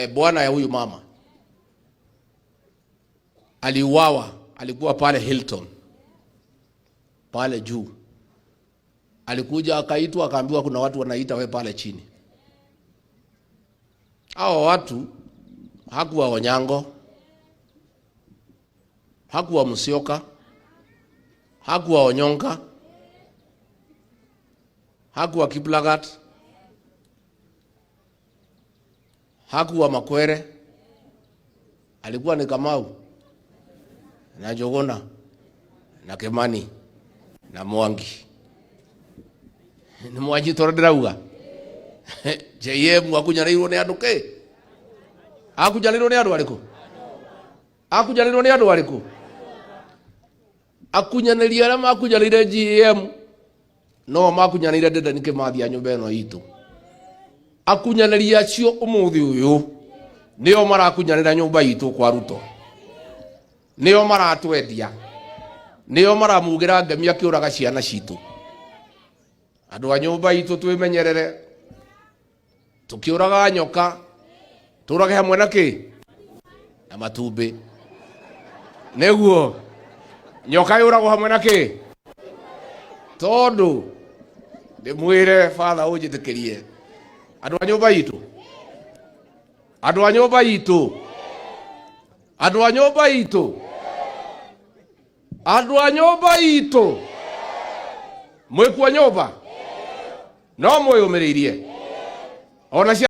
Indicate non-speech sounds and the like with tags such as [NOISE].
E, bwana ya huyu mama aliuawa, alikuwa pale Hilton pale juu, alikuja akaitwa, akaambiwa kuna watu wanaita we pale chini. Hao watu hakuwa Onyango, hakuwa Musyoka, hakuwa Onyonka, hakuwa Kiplagat hakuwa Makwere, alikuwa ni Kamau na Jogona na Kimani na Mwangi ni mwajitora ndirauga [LAUGHS] JM akunyariirwo ni andu ki akunyariirwo ni andu ariku akunyariirwo ni andu ariku akunyaniria aria makunyaniire JM no makunyaniire ndenda nikĩ mathia nyũmba ĩno itũ akunyanĩria acio ũmũthĩ ũyũ nĩo marakunyanĩra nyumba itũ kwa Ruto nĩo maratwendia nĩo maramugĩra ngemi akiuraga ciana citũ andũ a nyumba itũ twĩmenyerere tukiuraga nyoka turage hamwe na kĩ na matumbĩ neguo nyoka yũragwo hamwe na kĩ tondũ ndĩmwĩre batha ũnjĩtĩkĩrie Andå a nyå mba itå andå a nyå mba itå andå a nyå mba itå andå a nyå mba itå mwä kuo nyå mba no mwä yå mä rä irie ona